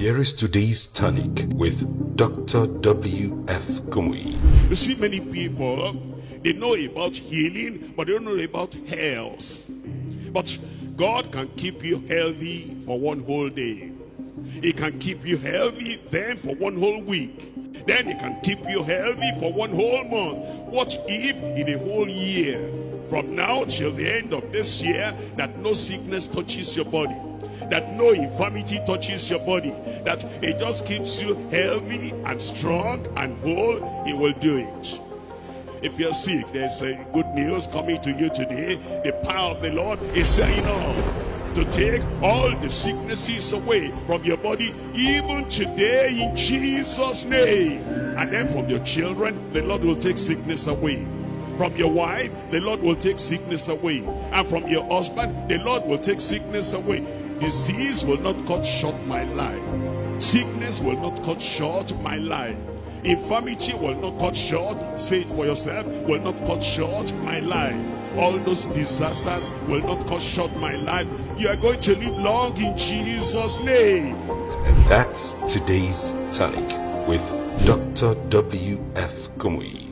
Here is today's tonic with Dr. W.F. Kumui. You see, many people, they know about healing, but they don't know about health. But God can keep you healthy for one whole day. He can keep you healthy then for one whole week. Then he can keep you healthy for one whole month. What if in a whole year, from now till the end of this year, that no sickness touches your body? that no infirmity touches your body, that it just keeps you healthy and strong and whole, he will do it. If you're sick, there's a good news coming to you today. The power of the Lord is saying all to take all the sicknesses away from your body even today in Jesus name and then from your children the Lord will take sickness away from your wife the Lord will take sickness away and from your husband the Lord will take sickness away Disease will not cut short my life. Sickness will not cut short my life. Infirmity will not cut short, say it for yourself, will not cut short my life. All those disasters will not cut short my life. You are going to live long in Jesus' name. And that's today's tonic with Dr. W.F. Kumui.